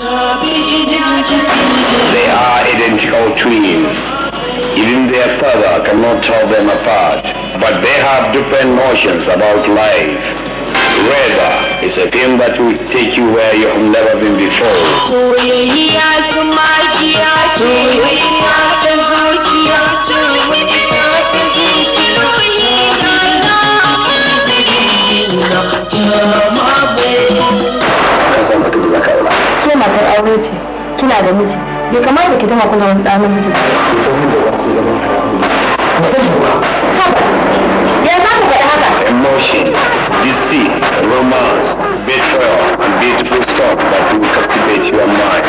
They are identical twins. Even their father cannot tell them apart, but they have different notions about life. Weather is a thing that will take you where you have never been before. matar aure ce kina da miji bai kamata ki dama kuna wani ɗan miji ya za ku faɗi haka emotion deceit romance betrayal and beautiful stuff that will captivate your mind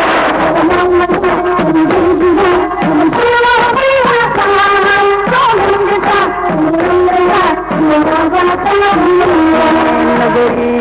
Thank you.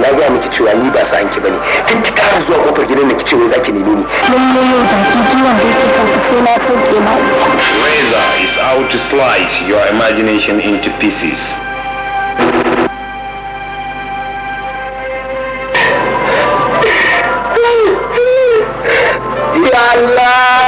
na ga miki cewa ni ba sa'an ki bane kin ki kara zuwa kofar gidan da kice wai zaki nemi ni lalle yau da ki kiwon da ke kan ko na ke ma razor is out to slice your imagination into pieces ya Allah